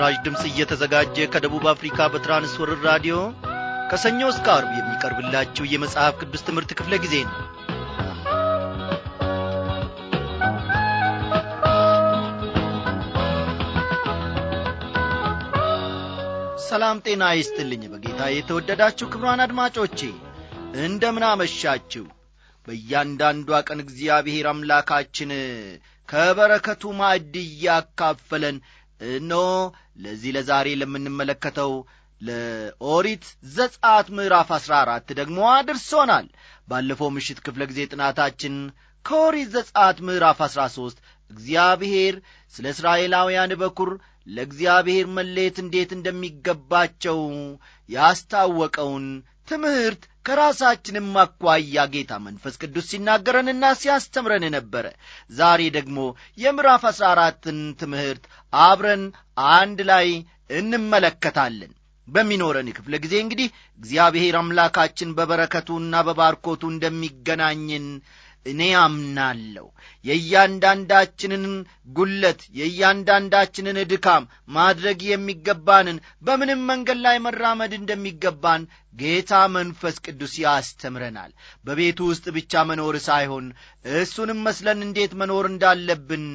ለምስራች ድምፅ እየተዘጋጀ ከደቡብ አፍሪካ በትራንስወርር ራዲዮ ከሰኞ እስከ አርብ የሚቀርብላችሁ የመጽሐፍ ቅዱስ ትምህርት ክፍለ ጊዜ ነው ሰላም ጤና ይስጥልኝ በጌታ የተወደዳችሁ ክብሯን አድማጮቼ እንደምን አመሻችሁ በእያንዳንዷ ቀን እግዚአብሔር አምላካችን ከበረከቱ ማዕድ እያካፈለን እኖ ለዚህ ለዛሬ ለምንመለከተው ለኦሪት ዘጻት ምዕራፍ አሥራ አራት ደግሞ አድርሶናል። ባለፈው ምሽት ክፍለ ጊዜ ጥናታችን ከኦሪት ዘጻት ምዕራፍ አሥራ ሦስት እግዚአብሔር ስለ እስራኤላውያን በኩር ለእግዚአብሔር መለየት እንዴት እንደሚገባቸው ያስታወቀውን ትምህርት ከራሳችንም አኳያ ጌታ መንፈስ ቅዱስ ሲናገረንና ሲያስተምረን ነበረ። ዛሬ ደግሞ የምዕራፍ አሥራ አራትን ትምህርት አብረን አንድ ላይ እንመለከታለን። በሚኖረን ክፍለ ጊዜ እንግዲህ እግዚአብሔር አምላካችን በበረከቱና በባርኮቱ እንደሚገናኝን እኔ አምናለሁ። የእያንዳንዳችንን ጉለት፣ የእያንዳንዳችንን ድካም፣ ማድረግ የሚገባንን በምንም መንገድ ላይ መራመድ እንደሚገባን ጌታ መንፈስ ቅዱስ ያስተምረናል። በቤቱ ውስጥ ብቻ መኖር ሳይሆን እሱንም መስለን እንዴት መኖር እንዳለብን፣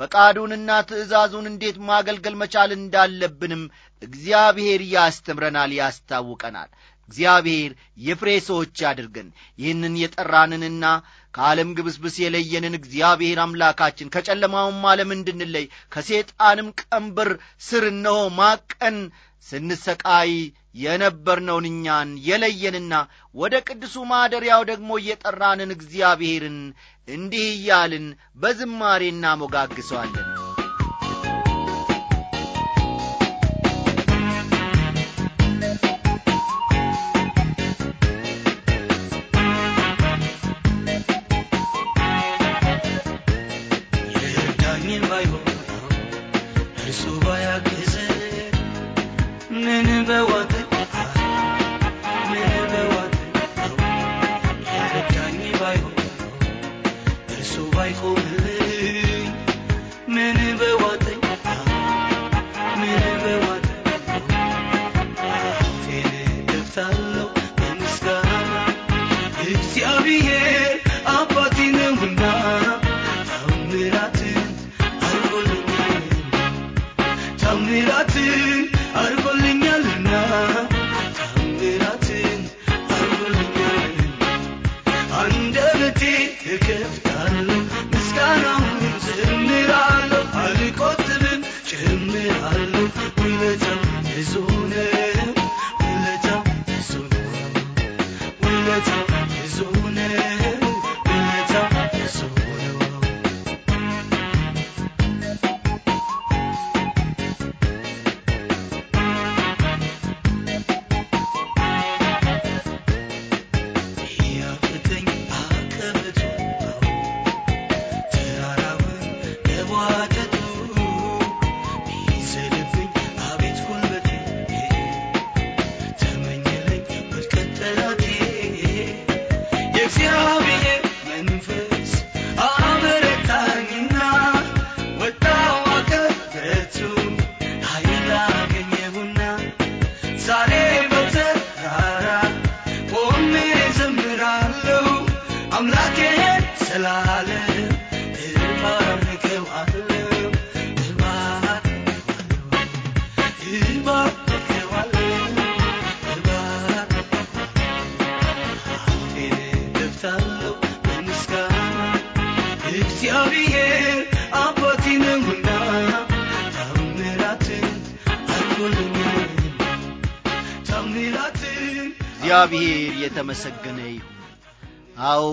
ፈቃዱንና ትእዛዙን እንዴት ማገልገል መቻል እንዳለብንም እግዚአብሔር ያስተምረናል፣ ያስታውቀናል። እግዚአብሔር የፍሬ ሰዎች አድርገን ይህንን የጠራንንና ከዓለም ግብስብስ የለየንን እግዚአብሔር አምላካችን ከጨለማውም ዓለም እንድንለይ ከሴጣንም ቀንበር ስር እነሆ ማቀን ስንሰቃይ የነበርነውን እኛን የለየንና ወደ ቅዱሱ ማደሪያው ደግሞ እየጠራንን እግዚአብሔርን እንዲህ እያልን በዝማሬ እናሞጋግሰዋለን።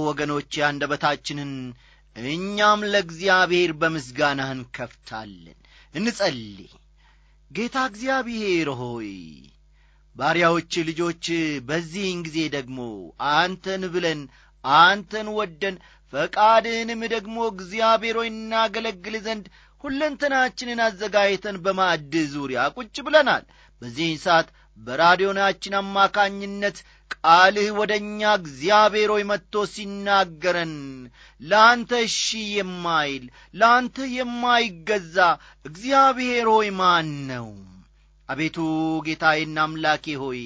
ወገኖቼ አንደበታችንን እኛም ለእግዚአብሔር በምስጋና እንከፍታለን። እንጸልይ። ጌታ እግዚአብሔር ሆይ ባሪያዎች ልጆች በዚህን ጊዜ ደግሞ አንተን ብለን አንተን ወደን ፈቃድህንም ደግሞ እግዚአብሔር ሆይ እናገለግል ዘንድ ሁለንተናችንን አዘጋጅተን በማዕድ ዙሪያ ቁጭ ብለናል። በዚህን ሰዓት በራዲዮናችን አማካኝነት ቃልህ ወደ እኛ እግዚአብሔር ሆይ መጥቶ ሲናገረን ለአንተ እሺ የማይል ለአንተ የማይገዛ እግዚአብሔር ሆይ ማን ነው? አቤቱ ጌታዬና አምላኬ ሆይ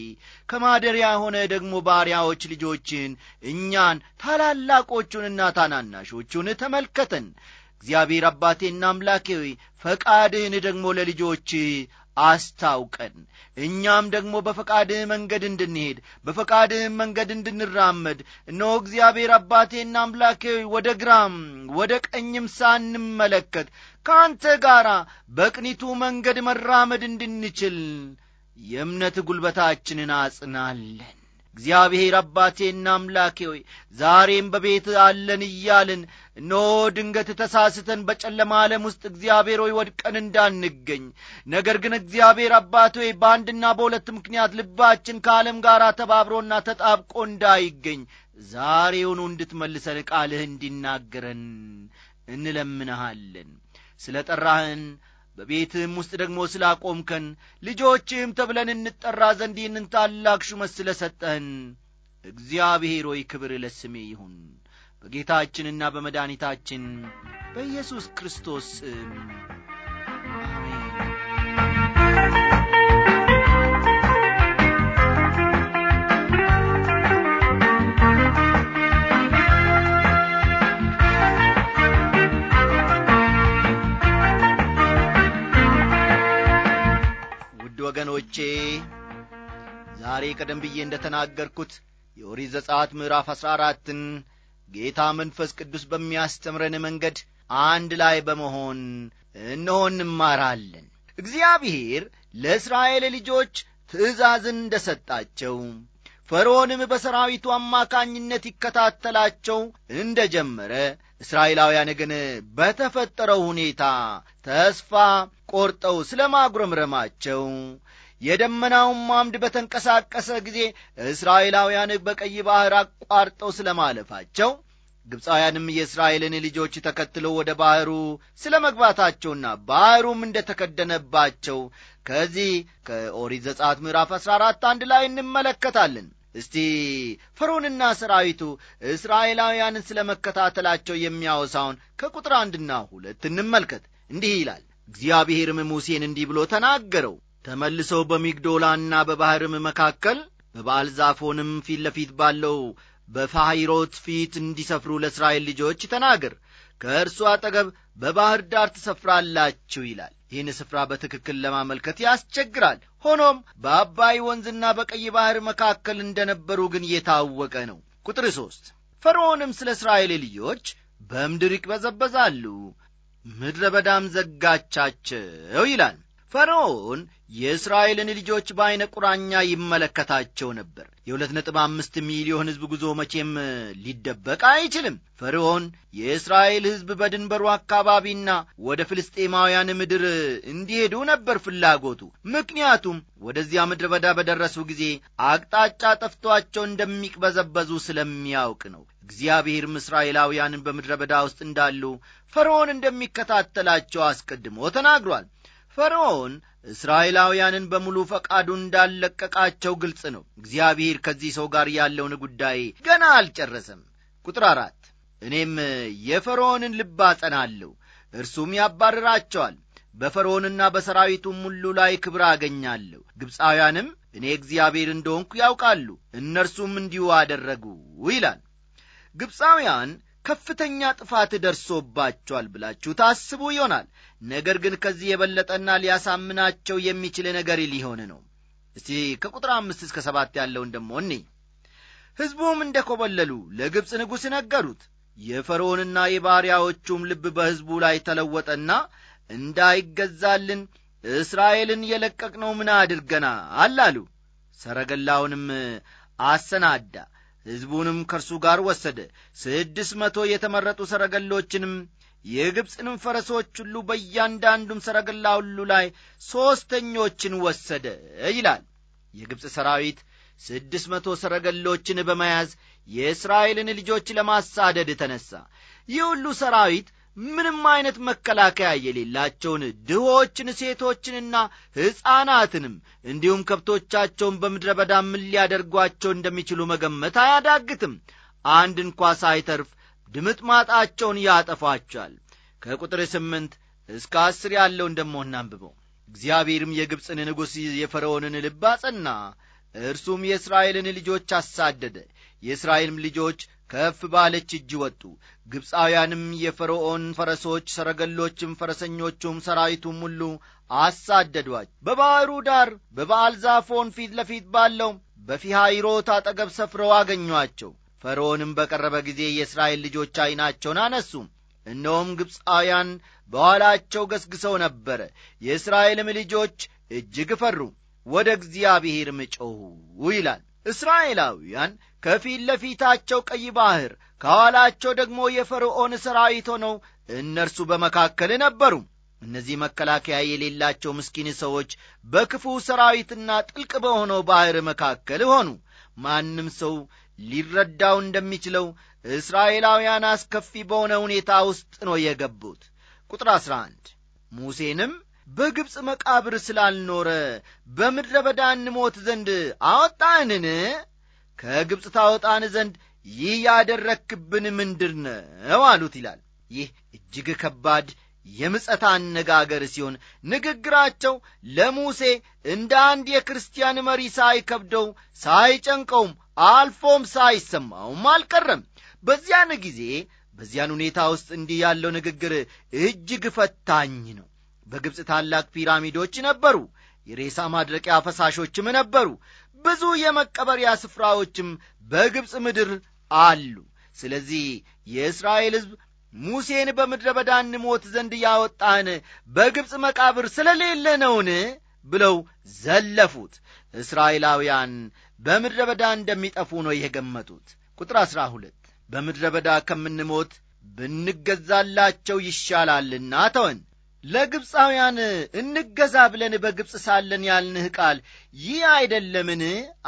ከማደሪያ ሆነ ደግሞ ባሪያዎች ልጆችን እኛን ታላላቆቹንና ታናናሾቹን ተመልከተን። እግዚአብሔር አባቴና አምላኬ ሆይ ፈቃድህን ደግሞ ለልጆች አስታውቀን እኛም ደግሞ በፈቃድህ መንገድ እንድንሄድ በፈቃድህም መንገድ እንድንራመድ እኖ እግዚአብሔር አባቴና አምላኬ ወደ ግራም ወደ ቀኝም ሳንመለከት ከአንተ ጋር በቅኒቱ መንገድ መራመድ እንድንችል የእምነት ጒልበታችንን አጽናለን እግዚአብሔር አባቴና አምላኬ ሆይ ዛሬም በቤት አለን እያልን ኖ ድንገት ተሳስተን በጨለማ ዓለም ውስጥ እግዚአብሔር ሆይ ወድቀን እንዳንገኝ፣ ነገር ግን እግዚአብሔር አባት ሆይ በአንድና በሁለት ምክንያት ልባችን ከዓለም ጋር ተባብሮና ተጣብቆ እንዳይገኝ ዛሬውኑ እንድትመልሰን ቃልህ እንዲናገረን እንለምንሃለን ስለ ጠራህን በቤትህም ውስጥ ደግሞ ስላቆምከን ልጆችህም ተብለን እንጠራ ዘንድ ይህንን ታላቅ ሹመት ስለ ሰጠህን እግዚአብሔር ሆይ ክብር ለስሜ ይሁን በጌታችንና በመድኃኒታችን በኢየሱስ ክርስቶስ ስም ዛሬ ቀደም ብዬ እንደ ተናገርኩት የኦሪት ዘጸአት ምዕራፍ አሥራ አራትን ጌታ መንፈስ ቅዱስ በሚያስተምረን መንገድ አንድ ላይ በመሆን እነሆ እንማራለን እግዚአብሔር ለእስራኤል ልጆች ትእዛዝን እንደ ሰጣቸው ፈርዖንም በሰራዊቱ አማካኝነት ይከታተላቸው እንደ ጀመረ እስራኤላውያን ግን በተፈጠረው ሁኔታ ተስፋ ቆርጠው ስለ ማጉረምረማቸው የደመናውም አምድ በተንቀሳቀሰ ጊዜ እስራኤላውያን በቀይ ባሕር አቋርጠው ስለ ማለፋቸው ግብፃውያንም የእስራኤልን ልጆች ተከትሎ ወደ ባሕሩ ስለ መግባታቸውና ባሕሩም እንደ ተከደነባቸው ከዚህ ከኦሪት ዘጸአት ምዕራፍ አሥራ አራት አንድ ላይ እንመለከታለን። እስቲ ፈርዖንና ሰራዊቱ እስራኤላውያንን ስለ መከታተላቸው የሚያወሳውን ከቁጥር አንድና ሁለት እንመልከት። እንዲህ ይላል፣ እግዚአብሔርም ሙሴን እንዲህ ብሎ ተናገረው ተመልሰው በሚግዶላና በባሕርም መካከል በበዓል ዛፎንም ፊት ለፊት ባለው በፋሂሮት ፊት እንዲሰፍሩ ለእስራኤል ልጆች ተናገር ከእርሱ አጠገብ በባሕር ዳር ትሰፍራላችሁ ይላል። ይህን ስፍራ በትክክል ለማመልከት ያስቸግራል። ሆኖም በአባይ ወንዝና በቀይ ባሕር መካከል እንደነበሩ ግን የታወቀ ነው። ቁጥር ሦስት ፈርዖንም ስለ እስራኤል ልጆች በምድር ይቅበዘበዛሉ፣ ምድረ በዳም ዘጋቻቸው ይላል። ፈርዖን የእስራኤልን ልጆች በዐይነ ቁራኛ ይመለከታቸው ነበር የሁለት ነጥብ አምስት ሚሊዮን ሕዝብ ጉዞ መቼም ሊደበቅ አይችልም ፈርዖን የእስራኤል ሕዝብ በድንበሩ አካባቢና ወደ ፍልስጤማውያን ምድር እንዲሄዱ ነበር ፍላጎቱ ምክንያቱም ወደዚያ ምድረ በዳ በደረሱ ጊዜ አቅጣጫ ጠፍቷቸው እንደሚቅበዘበዙ ስለሚያውቅ ነው እግዚአብሔርም እስራኤላውያንን በምድረ በዳ ውስጥ እንዳሉ ፈርዖን እንደሚከታተላቸው አስቀድሞ ተናግሯል ፈርዖን እስራኤላውያንን በሙሉ ፈቃዱ እንዳለቀቃቸው ግልጽ ነው እግዚአብሔር ከዚህ ሰው ጋር ያለውን ጉዳይ ገና አልጨረሰም ቁጥር አራት እኔም የፈርዖንን ልብ አጸናለሁ እርሱም ያባርራቸዋል በፈርዖንና በሰራዊቱም ሁሉ ላይ ክብር አገኛለሁ ግብፃውያንም እኔ እግዚአብሔር እንደሆንኩ ያውቃሉ እነርሱም እንዲሁ አደረጉ ይላል ግብፃውያን ከፍተኛ ጥፋት ደርሶባቸዋል ብላችሁ ታስቡ ይሆናል ነገር ግን ከዚህ የበለጠና ሊያሳምናቸው የሚችል ነገር ሊሆን ነው እስቲ ከቁጥር አምስት እስከ ሰባት ያለውን ደሞ እኔ ሕዝቡም እንደ ኰበለሉ ለግብፅ ንጉሥ ነገሩት የፈርዖንና የባሪያዎቹም ልብ በሕዝቡ ላይ ተለወጠና እንዳይገዛልን እስራኤልን የለቀቅነው ምን አድርገና አላሉ ሰረገላውንም አሰናዳ ሕዝቡንም ከእርሱ ጋር ወሰደ ስድስት መቶ የተመረጡ ሰረገሎችንም የግብፅንም ፈረሶች ሁሉ በእያንዳንዱም ሰረገላ ሁሉ ላይ ሦስተኞችን ወሰደ ይላል የግብፅ ሰራዊት ስድስት መቶ ሰረገሎችን በመያዝ የእስራኤልን ልጆች ለማሳደድ ተነሣ ይህ ሁሉ ሰራዊት ምንም አይነት መከላከያ የሌላቸውን ድሆችን ሴቶችንና ሕፃናትንም እንዲሁም ከብቶቻቸውን በምድረ በዳም ሊያደርጓቸው እንደሚችሉ መገመት አያዳግትም አንድ እንኳ ሳይተርፍ ድምጥማጣቸውን ያጠፏቸዋል። ከቁጥር ስምንት እስከ አስር ያለውን ደሞ እናንብበው። እግዚአብሔርም የግብፅን ንጉሥ የፈርዖንን ልብ አጸና፣ እርሱም የእስራኤልን ልጆች አሳደደ። የእስራኤልም ልጆች ከፍ ባለች እጅ ወጡ። ግብፃውያንም የፈርዖን ፈረሶች፣ ሰረገሎችም፣ ፈረሰኞቹም፣ ሰራዊቱም ሁሉ አሳደዷች በባሕሩ ዳር በበዓል ዛፎን ፊት ለፊት ባለው በፊሃይሮት አጠገብ ሰፍረው አገኟቸው። ፈርዖንም በቀረበ ጊዜ የእስራኤል ልጆች ዐይናቸውን አነሱ እነሆም ግብፃውያን በኋላቸው ገስግሰው ነበረ የእስራኤልም ልጆች እጅግ ፈሩ ወደ እግዚአብሔር ጮኹ ይላል እስራኤላውያን ከፊት ለፊታቸው ቀይ ባሕር ከኋላቸው ደግሞ የፈርዖን ሰራዊት ሆነው እነርሱ በመካከል ነበሩ እነዚህ መከላከያ የሌላቸው ምስኪን ሰዎች በክፉ ሰራዊትና ጥልቅ በሆነው ባሕር መካከል ሆኑ ማንም ሰው ሊረዳው እንደሚችለው እስራኤላውያን አስከፊ በሆነ ሁኔታ ውስጥ ነው የገቡት። ቁጥር 11 ሙሴንም በግብፅ መቃብር ስላልኖረ በምድረ በዳ እንሞት ዘንድ አወጣንን? ከግብፅ ታወጣን ዘንድ ይህ ያደረክብን ምንድር ነው አሉት ይላል። ይህ እጅግ ከባድ የምጸት አነጋገር ሲሆን ንግግራቸው ለሙሴ እንደ አንድ የክርስቲያን መሪ ሳይከብደው ሳይጨንቀውም አልፎም ሳይሰማውም አልቀረም። በዚያን ጊዜ በዚያን ሁኔታ ውስጥ እንዲህ ያለው ንግግር እጅግ ፈታኝ ነው። በግብፅ ታላቅ ፒራሚዶች ነበሩ። የሬሳ ማድረቂያ ፈሳሾችም ነበሩ። ብዙ የመቀበሪያ ስፍራዎችም በግብፅ ምድር አሉ። ስለዚህ የእስራኤል ሕዝብ ሙሴን በምድረ በዳ እንሞት ዘንድ ያወጣን በግብፅ መቃብር ስለሌለ ነውን? ብለው ዘለፉት። እስራኤላውያን በምድረ በዳ እንደሚጠፉ ነው የገመጡት። ቁጥር አሥራ ሁለት በምድረ በዳ ከምንሞት ብንገዛላቸው ይሻላልና ተወን ለግብፃውያን እንገዛ ብለን በግብፅ ሳለን ያልንህ ቃል ይህ አይደለምን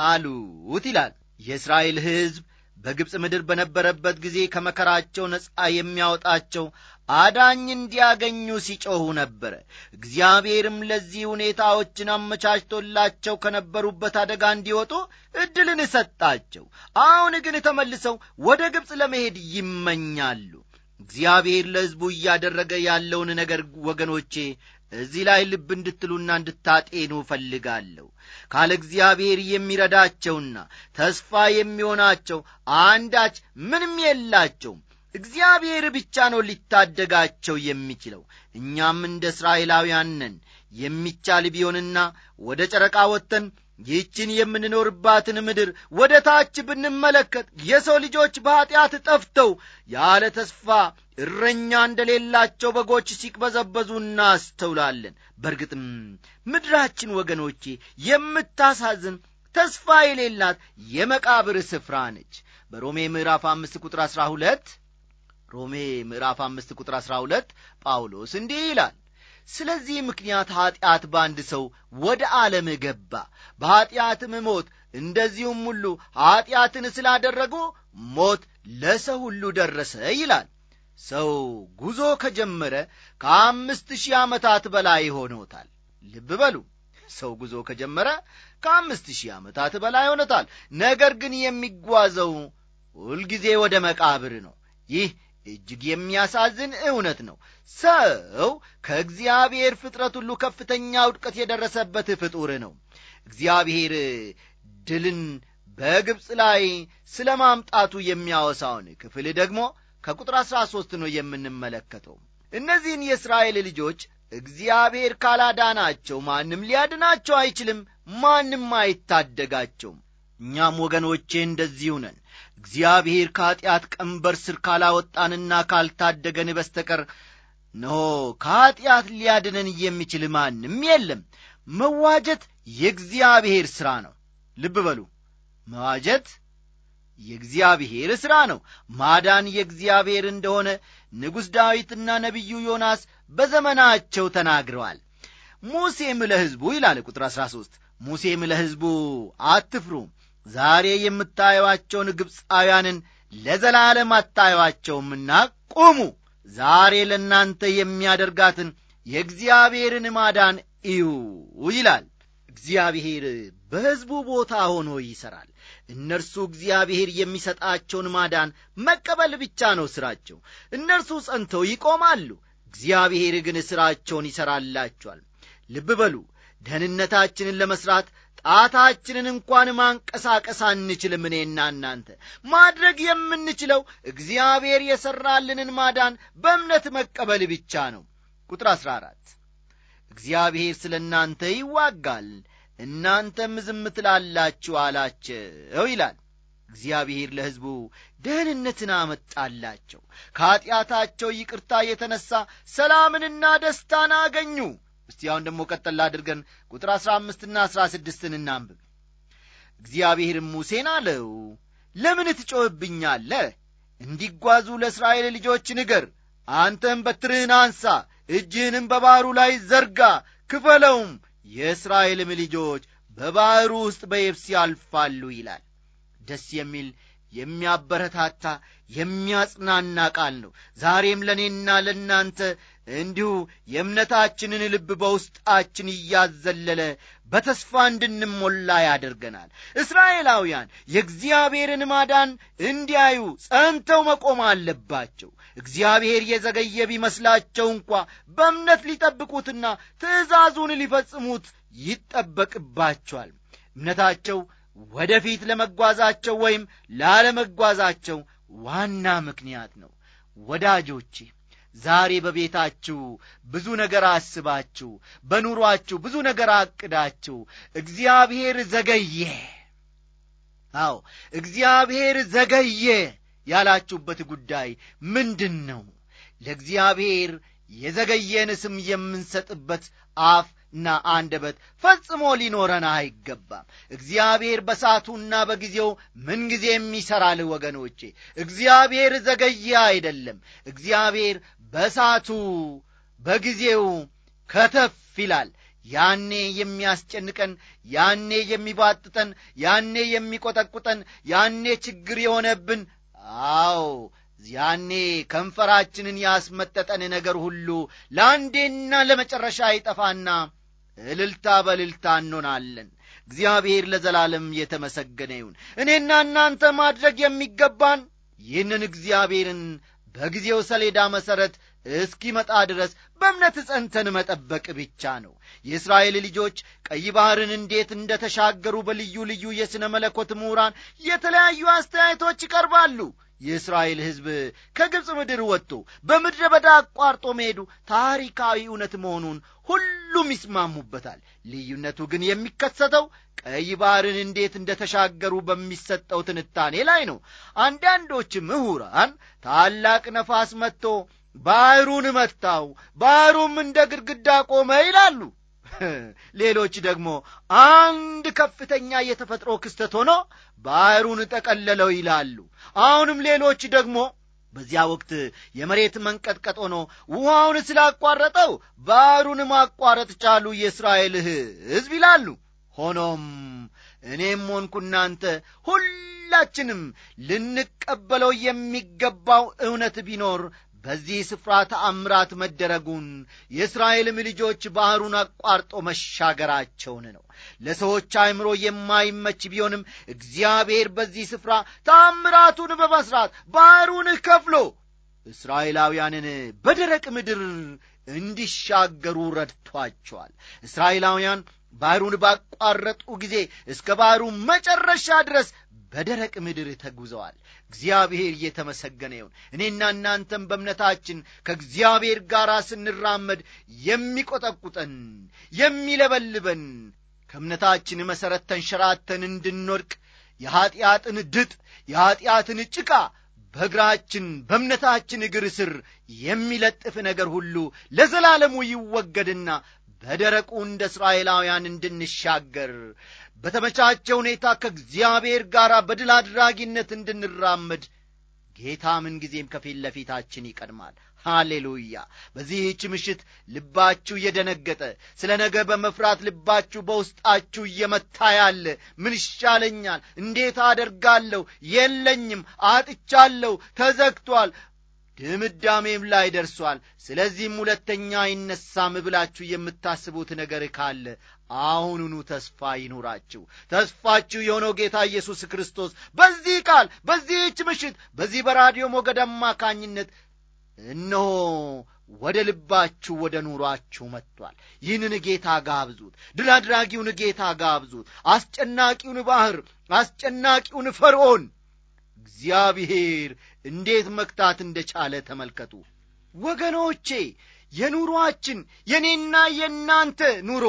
አሉት ይላል። የእስራኤል ሕዝብ በግብፅ ምድር በነበረበት ጊዜ ከመከራቸው ነፃ የሚያወጣቸው አዳኝ እንዲያገኙ ሲጮኹ ነበረ። እግዚአብሔርም ለዚህ ሁኔታዎችን አመቻችቶላቸው ከነበሩበት አደጋ እንዲወጡ ዕድልን ሰጣቸው። አሁን ግን ተመልሰው ወደ ግብፅ ለመሄድ ይመኛሉ። እግዚአብሔር ለሕዝቡ እያደረገ ያለውን ነገር ወገኖቼ እዚህ ላይ ልብ እንድትሉና እንድታጤኑ እፈልጋለሁ። ካለ እግዚአብሔር የሚረዳቸውና ተስፋ የሚሆናቸው አንዳች ምንም የላቸውም። እግዚአብሔር ብቻ ነው ሊታደጋቸው የሚችለው። እኛም እንደ እስራኤላውያን ነን። የሚቻል ቢሆንና ወደ ጨረቃ ወጥተን ይህችን የምንኖርባትን ምድር ወደ ታች ብንመለከት የሰው ልጆች በኀጢአት ጠፍተው ያለ ተስፋ እረኛ እንደሌላቸው በጎች ሲቅበዘበዙ እናስተውላለን። በእርግጥም ምድራችን ወገኖቼ የምታሳዝን ተስፋ የሌላት የመቃብር ስፍራ ነች። በሮሜ ምዕራፍ አምስት ቁጥር አሥራ ሁለት ሮሜ ምዕራፍ አምስት ቁጥር አሥራ ሁለት ጳውሎስ እንዲህ ይላል ስለዚህ ምክንያት ኀጢአት በአንድ ሰው ወደ ዓለም ገባ፣ በኀጢአትም ሞት፣ እንደዚሁም ሁሉ ኀጢአትን ስላደረጉ ሞት ለሰው ሁሉ ደረሰ ይላል። ሰው ጉዞ ከጀመረ ከአምስት ሺህ ዓመታት በላይ ሆኖታል። ልብ በሉ ሰው ጉዞ ከጀመረ ከአምስት ሺህ ዓመታት በላይ ሆኖታል። ነገር ግን የሚጓዘው ሁልጊዜ ወደ መቃብር ነው። ይህ እጅግ የሚያሳዝን እውነት ነው። ሰው ከእግዚአብሔር ፍጥረት ሁሉ ከፍተኛ ውድቀት የደረሰበት ፍጡር ነው። እግዚአብሔር ድልን በግብፅ ላይ ስለ ማምጣቱ የሚያወሳውን ክፍል ደግሞ ከቁጥር አሥራ ሦስት ነው የምንመለከተው። እነዚህን የእስራኤል ልጆች እግዚአብሔር ካላዳናቸው ማንም ሊያድናቸው አይችልም፣ ማንም አይታደጋቸውም። እኛም ወገኖቼ እንደዚሁ ነን። እግዚአብሔር ከኀጢአት ቀንበር ስር ካላወጣንና ካልታደገን በስተቀር ኖ ከኀጢአት ሊያድነን የሚችል ማንም የለም። መዋጀት የእግዚአብሔር ሥራ ነው። ልብ በሉ፣ መዋጀት የእግዚአብሔር ሥራ ነው። ማዳን የእግዚአብሔር እንደሆነ ንጉሥ ዳዊትና ነቢዩ ዮናስ በዘመናቸው ተናግረዋል። ሙሴም ለሕዝቡ ይላል ቁጥር 13 ሙሴም ለሕዝቡ አትፍሩም ዛሬ የምታዩዋቸውን ግብፃውያንን ለዘላለም አታዩዋቸውምና ቁሙ ዛሬ ለእናንተ የሚያደርጋትን የእግዚአብሔርን ማዳን እዩ ይላል እግዚአብሔር በሕዝቡ ቦታ ሆኖ ይሠራል እነርሱ እግዚአብሔር የሚሰጣቸውን ማዳን መቀበል ብቻ ነው ሥራቸው እነርሱ ጸንተው ይቆማሉ እግዚአብሔር ግን ሥራቸውን ይሠራላቸዋል ልብ በሉ ደህንነታችንን ለመሥራት ጣታችንን እንኳን ማንቀሳቀስ አንችልም። እኔና እናንተ ማድረግ የምንችለው እግዚአብሔር የሠራልንን ማዳን በእምነት መቀበል ብቻ ነው። ቁጥር 14 እግዚአብሔር ስለ እናንተ ይዋጋል፣ እናንተም ዝም ትላላችሁ አላቸው ይላል። እግዚአብሔር ለሕዝቡ ደህንነትን አመጣላቸው። ከኀጢአታቸው ይቅርታ የተነሣ ሰላምንና ደስታን አገኙ። እስቲ አሁን ደግሞ ቀጠላ አድርገን ቁጥር አሥራ አምስትና አሥራ ስድስትን እናንብብ እግዚአብሔርም ሙሴን አለው ለምን ትጮህብኛለህ እንዲጓዙ ለእስራኤል ልጆች ንገር አንተም በትርህን አንሳ እጅህንም በባሕሩ ላይ ዘርጋ ክፈለውም የእስራኤልም ልጆች በባሕሩ ውስጥ በየብስ ያልፋሉ ይላል ደስ የሚል የሚያበረታታ የሚያጽናና ቃል ነው ዛሬም ለእኔና ለእናንተ እንዲሁ የእምነታችንን ልብ በውስጣችን እያዘለለ በተስፋ እንድንሞላ ያደርገናል። እስራኤላውያን የእግዚአብሔርን ማዳን እንዲያዩ ጸንተው መቆም አለባቸው። እግዚአብሔር የዘገየ ቢመስላቸው እንኳ በእምነት ሊጠብቁትና ትእዛዙን ሊፈጽሙት ይጠበቅባቸዋል። እምነታቸው ወደፊት ለመጓዛቸው ወይም ላለመጓዛቸው ዋና ምክንያት ነው። ወዳጆቼ ዛሬ በቤታችሁ ብዙ ነገር አስባችሁ በኑሯችሁ ብዙ ነገር አቅዳችሁ እግዚአብሔር ዘገየ፣ አዎ እግዚአብሔር ዘገየ ያላችሁበት ጉዳይ ምንድን ነው? ለእግዚአብሔር የዘገየን ስም የምንሰጥበት አፍና አንደበት ፈጽሞ ሊኖረን አይገባም። እግዚአብሔር በሳቱና በጊዜው ምንጊዜም ይሠራል። ወገኖቼ እግዚአብሔር ዘገየ አይደለም። እግዚአብሔር በሳቱ በጊዜው ከተፍ ይላል። ያኔ የሚያስጨንቀን፣ ያኔ የሚባጥጠን ያኔ የሚቆጠቁጠን፣ ያኔ ችግር የሆነብን፣ አዎ ያኔ ከንፈራችንን ያስመጠጠን ነገር ሁሉ ለአንዴና ለመጨረሻ ይጠፋና እልልታ በልልታ እንሆናለን። እግዚአብሔር ለዘላለም የተመሰገነ ይሁን። እኔና እናንተ ማድረግ የሚገባን ይህንን እግዚአብሔርን በጊዜው ሰሌዳ መሠረት እስኪመጣ ድረስ በእምነት ጸንተን መጠበቅ ብቻ ነው። የእስራኤል ልጆች ቀይ ባሕርን እንዴት እንደ ተሻገሩ በልዩ ልዩ የሥነ መለኮት ምሁራን የተለያዩ አስተያየቶች ይቀርባሉ። የእስራኤል ሕዝብ ከግብፅ ምድር ወጥቶ በምድረ በዳ አቋርጦ መሄዱ ታሪካዊ እውነት መሆኑን ሁሉም ይስማሙበታል። ልዩነቱ ግን የሚከሰተው ቀይ ባሕርን እንዴት እንደተሻገሩ በሚሰጠው ትንታኔ ላይ ነው። አንዳንዶች ምሁራን ታላቅ ነፋስ መጥቶ ባሕሩን መታው፣ ባሕሩም እንደ ግድግዳ ቆመ ይላሉ። ሌሎች ደግሞ አንድ ከፍተኛ የተፈጥሮ ክስተት ሆኖ ባሕሩን ጠቀለለው ይላሉ። አሁንም ሌሎች ደግሞ በዚያ ወቅት የመሬት መንቀጥቀጥ ሆኖ ውሃውን ስላቋረጠው ባሕሩን ማቋረጥ ቻሉ የእስራኤል ሕዝብ ይላሉ። ሆኖም እኔም ሆንኩ እናንተ ሁላችንም ልንቀበለው የሚገባው እውነት ቢኖር በዚህ ስፍራ ተአምራት መደረጉን የእስራኤልም ልጆች ባሕሩን አቋርጦ መሻገራቸውን ነው። ለሰዎች አእምሮ የማይመች ቢሆንም እግዚአብሔር በዚህ ስፍራ ተአምራቱን በመስራት ባሕሩን ከፍሎ እስራኤላውያንን በደረቅ ምድር እንዲሻገሩ ረድቷቸዋል። እስራኤላውያን ባሕሩን ባቋረጡ ጊዜ እስከ ባሕሩ መጨረሻ ድረስ በደረቅ ምድር ተጉዘዋል። እግዚአብሔር እየተመሰገነ ይሁን። እኔና እናንተም በእምነታችን ከእግዚአብሔር ጋር ስንራመድ የሚቆጠቁጠን የሚለበልበን ከእምነታችን መሠረት ተንሸራተን እንድንወድቅ የኀጢአትን ድጥ የኀጢአትን ጭቃ በእግራችን በእምነታችን እግር ስር የሚለጥፍ ነገር ሁሉ ለዘላለሙ ይወገድና በደረቁ እንደ እስራኤላውያን እንድንሻገር በተመቻቸው ሁኔታ ከእግዚአብሔር ጋር በድል አድራጊነት እንድንራመድ ጌታ ምንጊዜም ከፊት ለፊታችን ይቀድማል ሃሌሉያ በዚህች ምሽት ልባችሁ እየደነገጠ ስለ ነገ በመፍራት ልባችሁ በውስጣችሁ እየመታ ያለ ምን ይሻለኛል እንዴት አደርጋለሁ የለኝም አጥቻለሁ ተዘግቷል ድምዳሜም ላይ ደርሷል ስለዚህም ሁለተኛ አይነሳም ብላችሁ የምታስቡት ነገር ካለ አሁኑኑ ተስፋ ይኑራችሁ። ተስፋችሁ የሆነው ጌታ ኢየሱስ ክርስቶስ በዚህ ቃል በዚህች ምሽት በዚህ በራዲዮ ሞገድ አማካኝነት እነሆ ወደ ልባችሁ ወደ ኑሯችሁ መጥቷል። ይህንን ጌታ ጋብዙት። ድል አድራጊውን ጌታ ጋብዙት። አስጨናቂውን ባህር አስጨናቂውን ፈርዖን እግዚአብሔር እንዴት መክታት እንደቻለ ተመልከቱ ወገኖቼ። የኑሮአችን የእኔና የእናንተ ኑሮ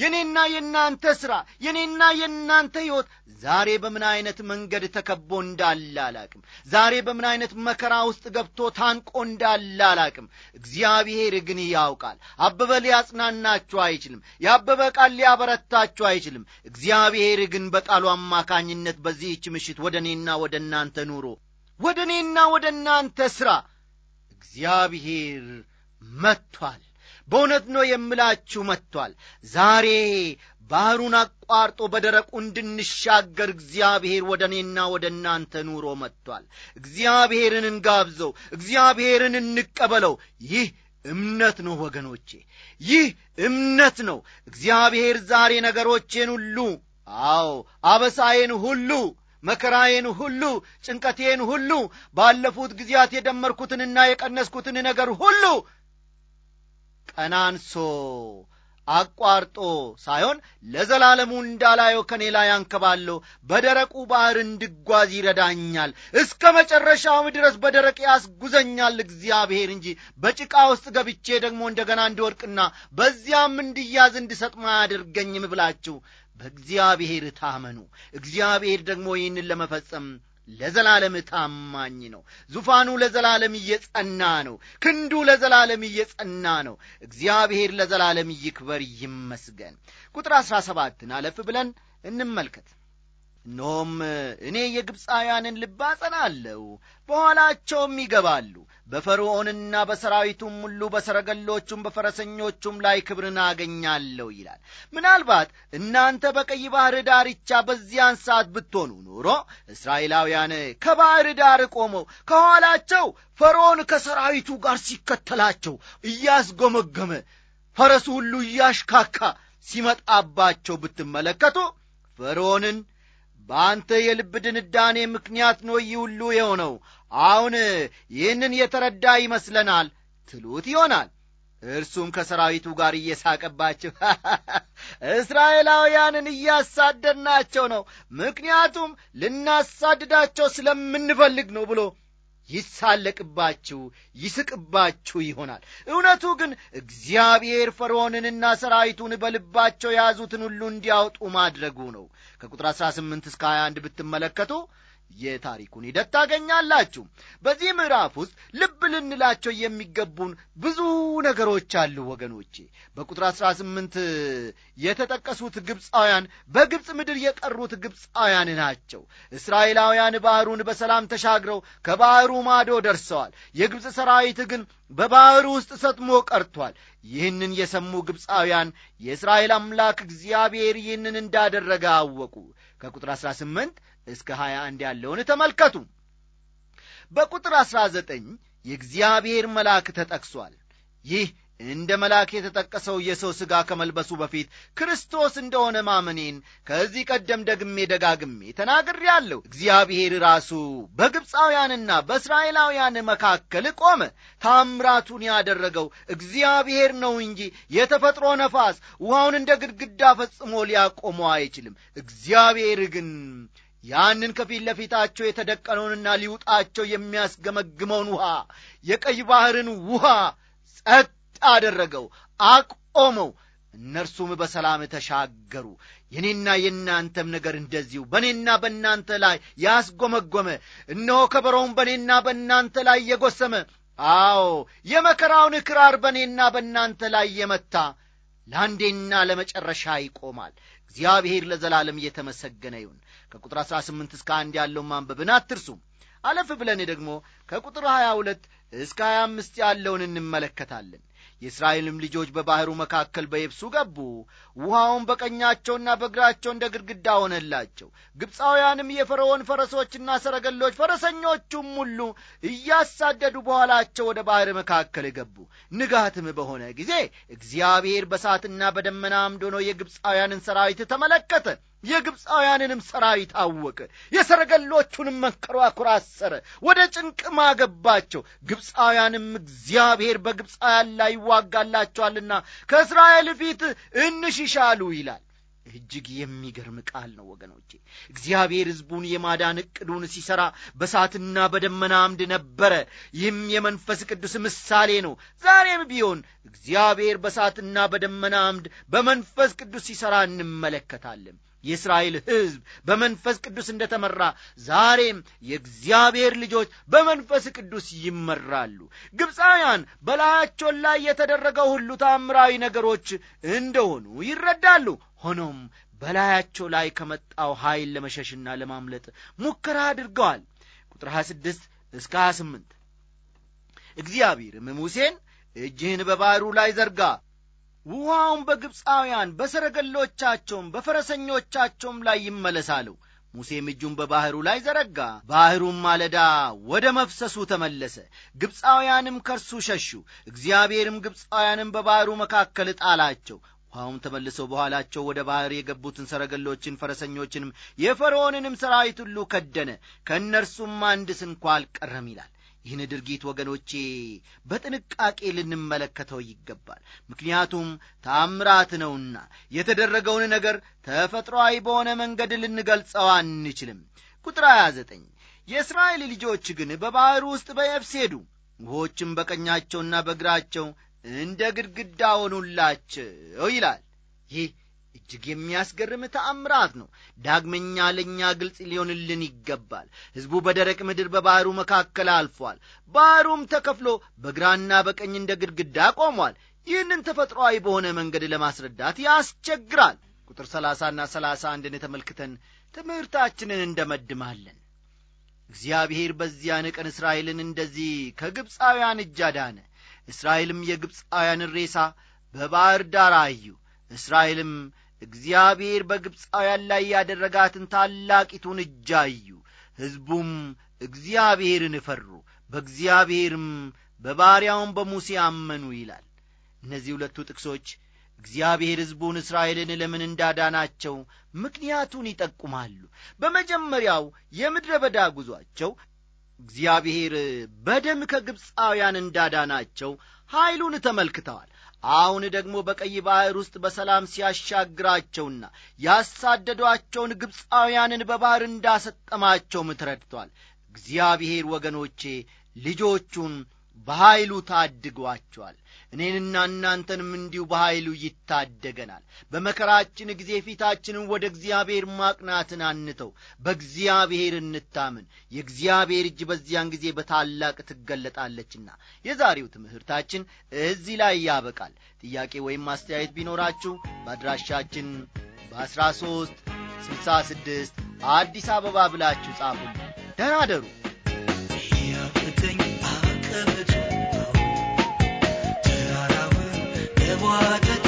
የእኔና የእናንተ ሥራ የእኔና የእናንተ ሕይወት ዛሬ በምን ዐይነት መንገድ ተከቦ እንዳለ አላቅም። ዛሬ በምን ዐይነት መከራ ውስጥ ገብቶ ታንቆ እንዳለ አላቅም። እግዚአብሔር ግን ያውቃል። አበበ ሊያጽናናችሁ አይችልም። የአበበ ቃል ሊያበረታችሁ አይችልም። እግዚአብሔር ግን በቃሉ አማካኝነት በዚህች ምሽት ወደ እኔና ወደ እናንተ ኑሮ ወደ እኔና ወደ እናንተ ሥራ እግዚአብሔር መጥቷል። በእውነት ነው የምላችሁ መጥቷል። ዛሬ ባሕሩን አቋርጦ በደረቁ እንድንሻገር እግዚአብሔር ወደ እኔና ወደ እናንተ ኑሮ መጥቷል። እግዚአብሔርን እንጋብዘው፣ እግዚአብሔርን እንቀበለው። ይህ እምነት ነው ወገኖቼ፣ ይህ እምነት ነው። እግዚአብሔር ዛሬ ነገሮቼን ሁሉ አዎ፣ አበሳዬን ሁሉ መከራዬን ሁሉ ጭንቀቴን ሁሉ ባለፉት ጊዜያት የደመርኩትንና የቀነስኩትን ነገር ሁሉ ቀናንሶ አቋርጦ ሳይሆን ለዘላለሙ እንዳላየው ከኔ ላይ አንከባሎ በደረቁ ባሕር እንድጓዝ ይረዳኛል፣ እስከ መጨረሻውም ድረስ በደረቅ ያስጉዘኛል እግዚአብሔር እንጂ በጭቃ ውስጥ ገብቼ ደግሞ እንደገና እንድወድቅና በዚያም እንድያዝ እንድሰጥማ አያደርገኝም ብላችሁ በእግዚአብሔር ታመኑ። እግዚአብሔር ደግሞ ይህንን ለመፈጸም ለዘላለም ታማኝ ነው። ዙፋኑ ለዘላለም እየጸና ነው። ክንዱ ለዘላለም እየጸና ነው። እግዚአብሔር ለዘላለም ይክበር ይመስገን። ቁጥር አሥራ ሰባትን አለፍ ብለን እንመልከት። ኖም እኔ የግብፃውያንን ልብ አጸናለሁ፣ በኋላቸውም ይገባሉ፣ በፈርዖንና በሰራዊቱም ሁሉ በሰረገሎቹም በፈረሰኞቹም ላይ ክብርን አገኛለሁ ይላል። ምናልባት እናንተ በቀይ ባሕር ዳርቻ በዚያን ሰዓት ብትሆኑ ኖሮ እስራኤላውያን ከባሕር ዳር ቆመው ከኋላቸው ፈርዖን ከሰራዊቱ ጋር ሲከተላቸው እያስጎመገመ ፈረሱ ሁሉ እያሽካካ ሲመጣባቸው ብትመለከቱ ፈርዖንን በአንተ የልብ ድንዳኔ ምክንያት ነው ይህ ሁሉ የሆነው። አሁን ይህንን የተረዳ ይመስለናል ትሉት ይሆናል። እርሱም ከሰራዊቱ ጋር እየሳቀባቸው እስራኤላውያንን እያሳደድናቸው ነው፣ ምክንያቱም ልናሳድዳቸው ስለምንፈልግ ነው ብሎ ይሳለቅባችሁ፣ ይስቅባችሁ ይሆናል። እውነቱ ግን እግዚአብሔር ፈርዖንንና ሰራዊቱን በልባቸው የያዙትን ሁሉ እንዲያወጡ ማድረጉ ነው። ከቁጥር 18 እስከ 21 ብትመለከቱ የታሪኩን ሂደት ታገኛላችሁ በዚህ ምዕራፍ ውስጥ ልብ ልንላቸው የሚገቡን ብዙ ነገሮች አሉ ወገኖቼ በቁጥር አሥራ ስምንት የተጠቀሱት ግብፃውያን በግብፅ ምድር የቀሩት ግብፃውያን ናቸው እስራኤላውያን ባህሩን በሰላም ተሻግረው ከባሕሩ ማዶ ደርሰዋል የግብፅ ሠራዊት ግን በባሕር ውስጥ ሰጥሞ ቀርቷል። ይህንን የሰሙ ግብፃውያን የእስራኤል አምላክ እግዚአብሔር ይህንን እንዳደረገ አወቁ። ከቁጥር 18 እስከ 21 ያለውን ተመልከቱ። በቁጥር 19 የእግዚአብሔር መልአክ ተጠቅሷል። ይህ እንደ መልአክ የተጠቀሰው የሰው ሥጋ ከመልበሱ በፊት ክርስቶስ እንደሆነ ማመኔን ከዚህ ቀደም ደግሜ ደጋግሜ ተናግሬአለሁ። እግዚአብሔር ራሱ በግብፃውያንና በእስራኤላውያን መካከል ቆመ። ታምራቱን ያደረገው እግዚአብሔር ነው እንጂ የተፈጥሮ ነፋስ ውሃውን እንደ ግድግዳ ፈጽሞ ሊያቆመው አይችልም። እግዚአብሔር ግን ያንን ከፊት ለፊታቸው የተደቀነውንና ሊውጣቸው የሚያስገመግመውን ውሃ የቀይ ባሕርን ውሃ ጸጥ አደረገው፣ አቆመው። እነርሱም በሰላም ተሻገሩ። የኔና የእናንተም ነገር እንደዚሁ በእኔና በእናንተ ላይ ያስጎመጎመ፣ እነሆ ከበሮውን በእኔና በእናንተ ላይ የጎሰመ፣ አዎ የመከራውን ክራር በእኔና በእናንተ ላይ የመታ ለአንዴና ለመጨረሻ ይቆማል። እግዚአብሔር ለዘላለም እየተመሰገነ ይሁን። ከቁጥር 18 እስከ አንድ ያለው ማንበብን አትርሱም። አለፍ ብለን ደግሞ ከቁጥር 22 እስከ 25 ያለውን እንመለከታለን። የእስራኤልም ልጆች በባሕሩ መካከል በየብሱ ገቡ። ውሃውን በቀኛቸውና በግራቸው እንደ ግድግዳ ሆነላቸው። ግብፃውያንም የፈርዖን ፈረሶችና ሰረገሎች፣ ፈረሰኞቹም ሁሉ እያሳደዱ በኋላቸው ወደ ባሕር መካከል ገቡ። ንጋትም በሆነ ጊዜ እግዚአብሔር በሳትና በደመና አምድ ሆኖ የግብፃውያንን ሰራዊት ተመለከተ። የግብፃውያንንም ሰራዊት አወቀ፣ የሰረገሎቹንም መንከሯኩር አሰረ፣ ወደ ጭንቅም አገባቸው። ግብፃውያንም እግዚአብሔር በግብፃውያን ላይ ይዋጋላቸዋልና ከእስራኤል ፊት እንሽሻሉ ይላል። እጅግ የሚገርም ቃል ነው ወገኖቼ። እግዚአብሔር ሕዝቡን የማዳን ዕቅዱን ሲሠራ በሳትና በደመና አምድ ነበረ። ይህም የመንፈስ ቅዱስ ምሳሌ ነው። ዛሬም ቢሆን እግዚአብሔር በሳትና በደመና አምድ በመንፈስ ቅዱስ ሲሠራ እንመለከታለን። የእስራኤል ሕዝብ በመንፈስ ቅዱስ እንደተመራ ዛሬም የእግዚአብሔር ልጆች በመንፈስ ቅዱስ ይመራሉ። ግብፃውያን በላያቸው ላይ የተደረገው ሁሉ ታምራዊ ነገሮች እንደሆኑ ይረዳሉ። ሆኖም በላያቸው ላይ ከመጣው ኃይል ለመሸሽና ለማምለጥ ሙከራ አድርገዋል። ቁጥር 26 እስከ 28 እግዚአብሔርም ሙሴን እጅህን በባሕሩ ላይ ዘርጋ ውኃውን በግብፃውያን በሰረገሎቻቸውም በፈረሰኞቻቸውም ላይ ይመለሳሉ። ሙሴም እጁን በባሕሩ ላይ ዘረጋ፣ ባሕሩም ማለዳ ወደ መፍሰሱ ተመለሰ። ግብፃውያንም ከርሱ ሸሹ። እግዚአብሔርም ግብፃውያንም በባሕሩ መካከል ጣላቸው። ውኃውም ተመልሰው በኋላቸው ወደ ባሕር የገቡትን ሰረገሎችን፣ ፈረሰኞችንም የፈርዖንንም ሠራዊት ሁሉ ከደነ። ከእነርሱም አንድ ስንኳ አልቀረም ይላል። ይህን ድርጊት ወገኖቼ በጥንቃቄ ልንመለከተው ይገባል። ምክንያቱም ታምራት ነውና የተደረገውን ነገር ተፈጥሯዊ በሆነ መንገድ ልንገልጸው አንችልም። ቁጥር 29 የእስራኤል ልጆች ግን በባሕር ውስጥ በየብስ ሄዱ፣ ውኆችም በቀኛቸውና በግራቸው እንደ ግድግዳ ሆኑላቸው ይላል። ይህ እጅግ የሚያስገርም ተአምራት ነው። ዳግመኛ ለእኛ ግልጽ ሊሆንልን ይገባል። ሕዝቡ በደረቅ ምድር በባሕሩ መካከል አልፏል። ባሕሩም ተከፍሎ በግራና በቀኝ እንደ ግድግዳ ቆሟል። ይህንን ተፈጥሮአዊ በሆነ መንገድ ለማስረዳት ያስቸግራል። ቁጥር 30ና 31ን ትምህርታችንን እንደመድማለን። እግዚአብሔር በዚያን ቀን እስራኤልን እንደዚህ ከግብፃውያን እጅ አዳነ። እስራኤልም የግብፃውያንን ሬሳ በባሕር ዳር አዩ። እስራኤልም እግዚአብሔር በግብፃውያን ላይ ያደረጋትን ታላቂቱን እጃዩ ሕዝቡም እግዚአብሔርን እፈሩ፣ በእግዚአብሔርም በባሪያውን በሙሴ አመኑ ይላል። እነዚህ ሁለቱ ጥቅሶች እግዚአብሔር ሕዝቡን እስራኤልን ለምን እንዳዳናቸው ምክንያቱን ይጠቁማሉ። በመጀመሪያው የምድረ በዳ ጉዟቸው እግዚአብሔር በደም ከግብፃውያን እንዳዳናቸው ኀይሉን ተመልክተዋል። አሁን ደግሞ በቀይ ባሕር ውስጥ በሰላም ሲያሻግራቸውና ያሳደዷቸውን ግብፃውያንን በባሕር እንዳሰጠማቸውም ተረድቷል። እግዚአብሔር ወገኖቼ ልጆቹን በኀይሉ ታድጓቸዋል። እኔንና እናንተንም እንዲሁ በኀይሉ ይታደገናል። በመከራችን ጊዜ ፊታችንን ወደ እግዚአብሔር ማቅናትን አንተው፣ በእግዚአብሔር እንታምን። የእግዚአብሔር እጅ በዚያን ጊዜ በታላቅ ትገለጣለችና። የዛሬው ትምህርታችን እዚህ ላይ ያበቃል። ጥያቄ ወይም አስተያየት ቢኖራችሁ በአድራሻችን በአስራ ሦስት ስልሳ ስድስት አዲስ አበባ ብላችሁ ጻፉ ደናደሩ وجدت